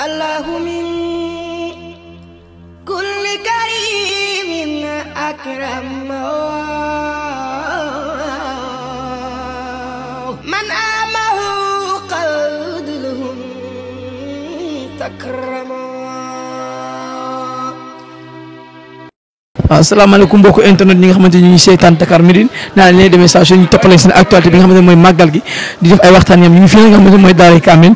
الله من كل كريم أكرمه waaw ah, salaamaaleykum mbokku internet ñi nga xamante ni ñu ngi seetaan Dakar Midi naa leen demee saa su ñu toppalee seen actualité bi nga xamante ne mooy màggal gi di def ay waxtaan yam ñu fi nga xamante ne mooy Daaray Kamil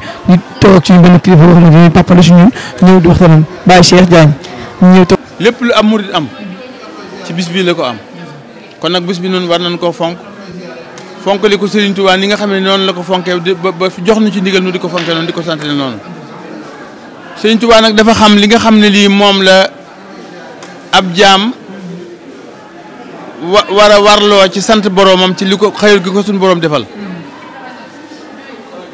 lépp lu am murid am ci bii la ko am kon nag bis bi noonu war nañ koo fonk fonk li ko Serigne Touba ni nga xam ne noonu la ko fonkee ba ba jox nu ci ndigal nu di ko fonkee noonu di ko sant noonu Serigne Touba nag dafa xam li nga xam ne lii moom la ab jaam wa war a warloo ci sant boroomam ci li ko xëyul gi ko suñu boroom defal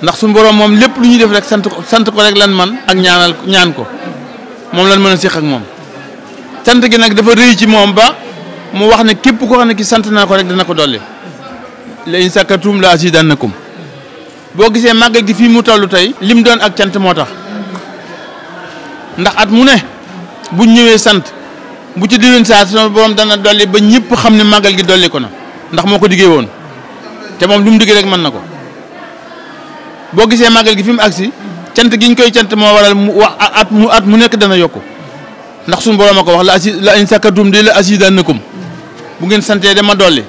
ndax suñu borom moom lépp lu ñuy def rek sant ko sant ko rek lan man ak ñaanal ñaan ko moom lan mën a séq ak moom sant gi nag dafa rëy ci moom ba mu wax ne képp koo xam ne ki sant naa ko rek dana ko dolli la in sakkartum la azidannakum boo gisee màggal gi fii mu toll tey lim doon ak sant moo tax ndax at mu ne buñ ñëwee sant bu ci diwlin saa sama borom dana dolli ba ñëpp xam ne màggal gi dolli ko na ndax moo ko diggee woon te moom lu mu diggee rek mën na ko boo gisee màggal gi fi mu agsi cant gi ñu koy cant moo waral mu wax at mu at mu nekk dana yokk ndax suñu borom a ko wax la asi la in sakkatum di la asidannakum bu ngeen santee ma dolli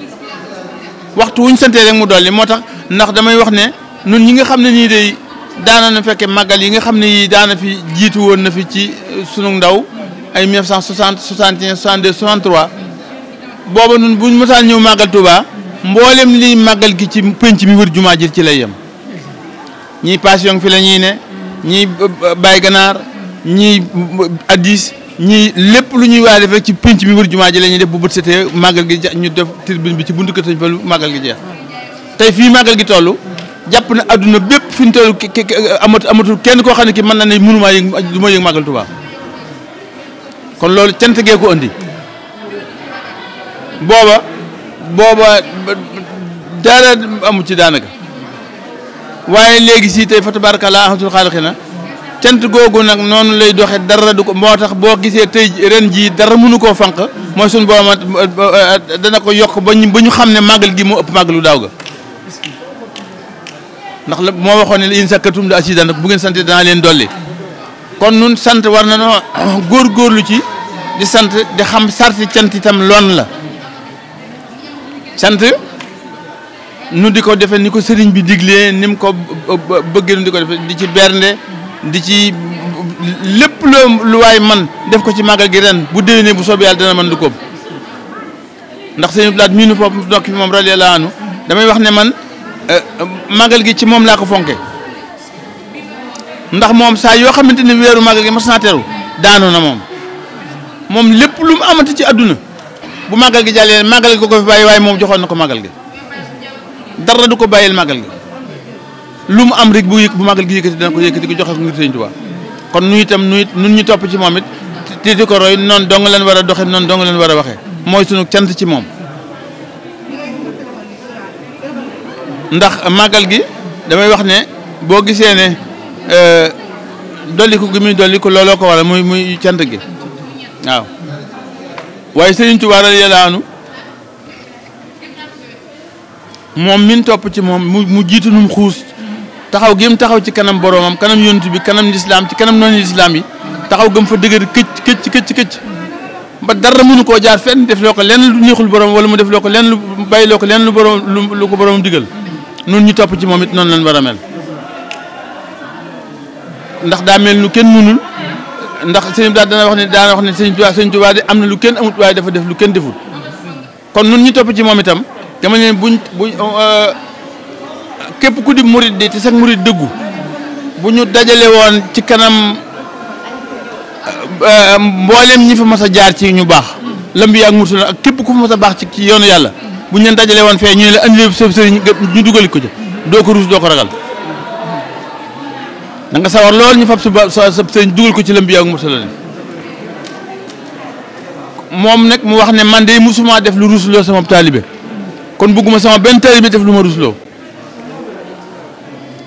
waxtu wuñ santee rek mu dolli moo tax ndax damay wax ne nun ñi nga xam ne nii day daana na fekke màggal yi nga xam ne yii daana fi jiitu woon na fi ci sunu ndaw ay 1960 61 62 63 booba nun buñ mosaan ñëw màggal Touba mboolem liy màggal gi ci penc mi wër jumaa ji ci lay yem ñii passion fi la ñuy ne ñii bay ganaar ñii addis ñii lépp lu ñuy waa def rek ci penc mi wër jumaa ji la ñuy def bu bët setee màggal gi def tribune bi ci buntu kër Sëñ Fallu màggal gi jeex tey fii màggal gi toll jàpp na adduna bépp fi ñu toll amatul amatul kenn koo xam ne ki mën na ne mënumaa yëg du ma yëg màggal Tuubaa kon loolu cant gee ko andi booba booba dara amu ci daanaka waaye léegi si tey fa tabaarakallaa ahmatul na cant googu nag noonu lay doxe dara du ko moo tax boo gisee tey ren jii dara mënu koo fanq mooy suñ booma dana ko yokk ba ñu ba ñu xam ne màggal gi moo ëpp lu daaw ga ndax moo waxoon ne la in sakkatum la asiidannakum bu ngeen sante leen dolli kon nun sant war na noo góorgóorlu ci di sant di xam sarti sant itam loon la sant nu di ko defee ni ko sëriñ bi diglee ni mu ko bëggee nu di ko defee di ci bernde di ci lépp loo lu waay man def ko ci màggal gi ren bu ne bu soobee yàlla dana mën du ko ndax sëriñ Blaat mii nu foofu ndokk fi moom radiyallaahu anhu damay wax ne man euh, màggal gi ci moom laa ko fonke ndax moom saa yoo xamante ni weeru màggal gi mas naa teru daanu na moom moom lépp lu mu amati ci àdduna bu màggal gi jàllee màggal ko ko fi waaye moom joxoon na ko màggal gi dara ko bàyyil màggal gi lu am rek bu bu màggal gi yëkkati dana ko yëkkati ko joxe ko ngir kon nu itam nu nun ñu topp ci moom it te di ko dong leen war a doxee noonu dong leen war a mooy sunu cant ci moom màggal gi damay wax ne boo gisee ne Eh, dolliku gi muy dolliku looloo ko waral muy muy cant gi waaw waaye Serigne Touba radiyallaahu moom min topp ci moom mu mu jiitu num xuus taxaw gém taxaw ci kanam boroomam kanam yontu bi kanam lislaam ci kanam noonu lislaam yi taxaw gëm fa dëgër këcc këcc këcc këcc ba dara mënu ko jaar fenn def loo ko lenn lu neexul borom wala mu def loo ko lenn lu bàyyi loo ko lenn lu lu ko borom digal noonu ñu topp ci moom it noonu lañ war mel ndax daa mel lu kenn mënul ndax sëñ bi dana wax ne daana wax ne sëñ Tuubaa sëñ am na lu kenn amut waaye dafa def lu kenn deful kon nun ñu topp ci moom itam dama leen buñ buñ euh, képp ku di murit di te sax murit dëggu bu ñu dajale woon ci kanam euh, euh, mboolem ñi fa mas a jaar ci ñu baax lambi ak mursul ak képp ku fa mas a baax ci yoonu yàlla bu ñu leen dajale woon fee ñu ne la andi sëriñ ñu dugal ko doo ko ruus doo ko ragal da nga sawar lool ñu fab sa sa sëñ dugal ko ci lëmb yi ak mursaliin moom nag mu wax ne man de musuma def lu rusloo sama taalibe kon bëgguma sama benn taalibe def lu ma rusloo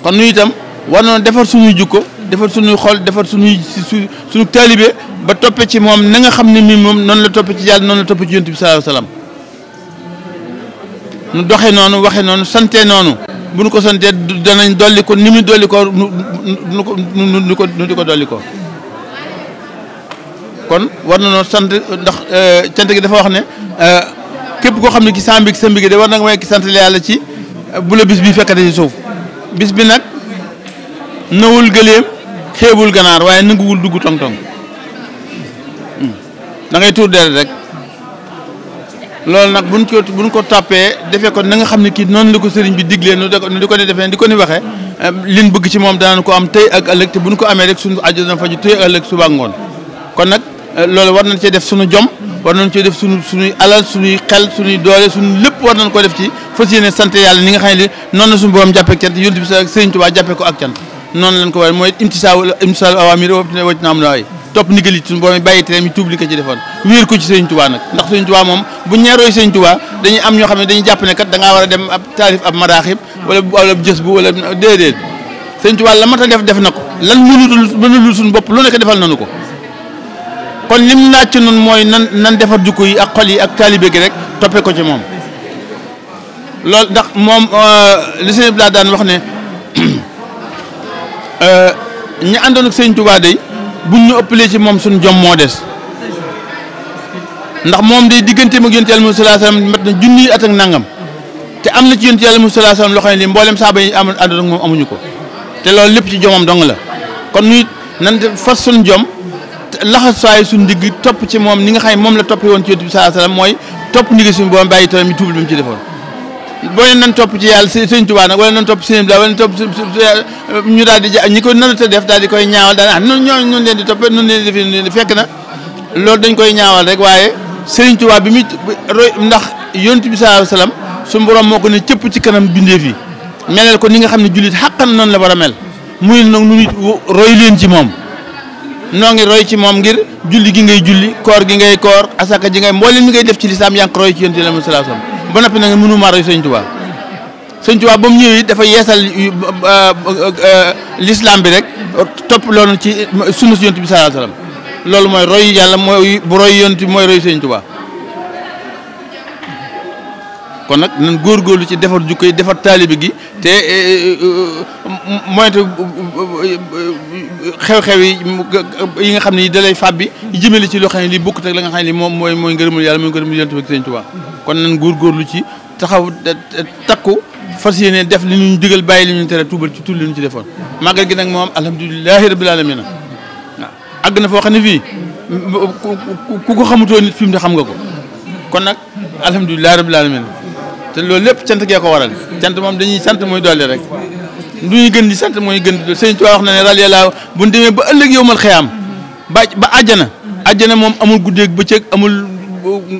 kon nu itam war na defar suñuy jukko defar suñuy xol defar suñuy su suñu taalibe ba toppee ci moom na nga xam ne mii moom noonu la toppee ci yàlla noonu la toppe ci yonent bi sallallahu alayhi wasallam nu doxe noonu waxe noonu sante noonu bu nu ko santee danañ dolli ko ni mu dolli ko nu nu ko nu ko nu di ko dolli ko kon war na noo sant ndax eh, cant gi dafa wax ne eh, képp koo xam ne ki sa mbig sa mbig de war na nga may ki sant la yàlla ci eh, bu la bis bi fekkate ci suuf bis bi nag nawul gëléem xeebul ganaar waaye nanguwul dugg tong-tong hmm. da ngay tuur deret rek loolu nag buñ ko buñ ko toppee defee ko na nga xam ne kii noonu la ko sëriñ bi diglee nu di ko ne defee di ko ni waxee liñ bëgg ci moom danañ ko am tey ak ëllëg te buñ ko amee rek suñu aju dana faju tey kon nag loolu war nañ cee def suñu jom war nañ cee def suñu suñuy alal suñuy xel suñuy doole suñu lépp war na ko def ci fas yéene sant yàlla ni nga xam ne noonu la suñu borom jàppee ak cant yonent bi sëriñ Tuubaa jàppee ko ak cant noonu lañ ko war mooy imtisaalu imtisaalu awaamir wa wajtinaabu nawaahyi topp ndigal yi suñu borom bàyyi tereem yi tuub li ko ci defoon wéer ko ci sëñ tubaa nag ndax sëñ tubaa moom bu ñeerooy sëñ tubaa dañuy am ñoo xam ne dañuy jàpp ne kat da ngaa war a dem ab taarif ab madaaxib wala wala jës bu wala déedéet sëñ tubaa la mat a def def na ko lan mënutul mënulul suñu bopp lu nekk defal nu ko kon lim laaj ci noonu mooy nan nan defar jukko yi ak xol yi ak taalibe gi rek toppee ko ci moom loolu ndax moom euh, li sëñ bi daan wax ne euh, ñi àndoon buñ ñu ëpp ëppalee ci moom suñ jom moo des ndax moom de digganteem ak yonent yàlla Muhammad sallallahu mat na junniy at ak nangam te am na ci yonent mu Muhammad sallallahu alayhi wasallam loo xam ne lii mboolem saaba yi amuñu ko te loolu lépp ci jomam dong la kon ñuy nan fas suñ jom laxasaay suñ digg topp ci moom ni nga xam ne moom la toppee woon ci yonent bi sallallahu alayhi wasallam mooy topp ndigal suñu boom bàyyi tamit tuub bi mu ci defoon boo leen nan topp ci yàlla si sëñ Tuubaa nag wala nan topp sëñ bi wala nan topp ñu daal di ñi ko nanata def daal di koy ñaawal daal ah ñun ñooñu ñun leen di toppee ñun leen di def leen di fekk na loolu dañ koy ñaawal rek waaye sëñ Tuubaa bi muy roy ndax yonent bi sallallahu alayhi wasallam su borom moo ko ne cëpp ci kanam bindeef yi melal ko ni nga xam ne jullit xàqan noonu la war a mel muy nag nu nit roy leen ci moom noo ngi roy ci moom ngir julli gi ngay julli koor gi ngay koor asaka ji ngay mboolem mi ngay def ci lislaam yaa ngi ko roy ci yonent bi sallallahu alayhi wasallam ba noppi nag mënu maa roy sëñ Tuubaa sëñ Tuubaa ba mu ñëwee dafa yeesal euh, euh, l'islam bi rek topp loolu ci sunna si yonent bi sallallahu alayhi wasallam loolu mooy roy yàlla mooy bu roy yonent mooy roy sëñ Tuubaa kon nag góor góorgóorlu ci defar jukko yi defar taalibe gi te eh, eh, eh, moytu xew-xew yi yi nga xam ne dalay fàbbi jëmale ci loxo xam ne li bokkut ak la nga xam ne li moom mooy mooy ngërëmul yàlla mooy ngërëmul yonent bi Sëriñ Tuubaa kon nañ góorgóorlu ci taxaw takku fas yéene def li ñu digal bàyyi li ñu tere tuubal ci li ci defoon màggal gi nag moom alhamdulilahi rabbil alamin waaw àgg na foo xam ne fii ku ko xamutoo nit fi mu xam nga ko kon nag alhamdulilahi rabbil alamin te loolu lépp cant gee ko waral cant moom dañuy sant muy dolli rek du gën di sant mooy gën di sëñ Tuubaa wax na ne radiyallaahu bu ñu demee ba ëllëg yow mal xiyaam ba ba àjjana àjjana moom amul guddeeg bëccëg amul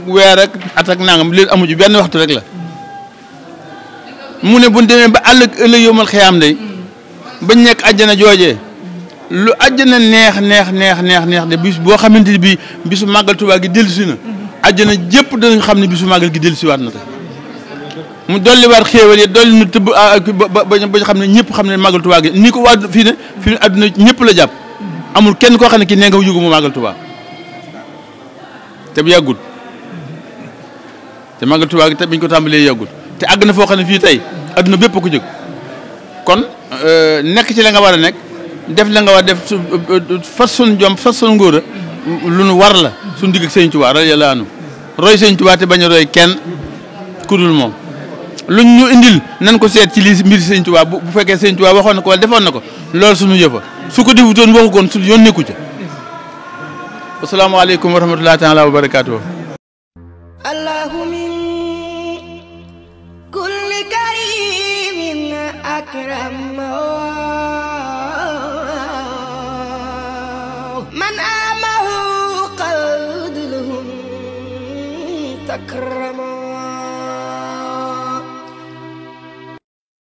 weer rek at ak nangam léegi amu ci benn waxtu rek la mu ne bu ñu demee ba àllëg ëllëg yow mal xiyaam day bañ nekk àjjana jooje lu àjjana neex neex neex neex neex de bis boo xamante ni bii bisu màggal Tuubaa gi dellusi na àjjana jëpp danañ xam ne bisu màggal gi dellusiwaat na ko mu dolli waat xéewal yi dolli nu tëbb ah, ba ba ñu xam ne ñëpp xam ne màggal ni ko waa fii ne fii ne ñëpp la jàpp amul kenn koo xam ne kii nee nga yugu mu màggal Tuubaa te bu yàggul te màggal te biñ ko tàmbalee yàggut te àgg na foo xam ne fii tey àdduna bépp ko jóg kon euh, nekk ci la nga war a nekk def la nga war def fas sun jom fas sun ngóor lu nu war la suñ digg ak Sëñ Tuubaa rek yàlla anu roy Sëñ Tuubaa te bañ a roy kenn ku dul moom luñ ñu indil ko seet ci lii mbir sëñ Tuubaa bu fekkee sëñ Tuubaa waxoon na ko wala defoon na ko loolu suñu yëfa su ko defutoon waxu koon su yoon nekku ca asalaamaaleykum wa rahmatullahi taala wa barakaatu allahu min kulli karimin akram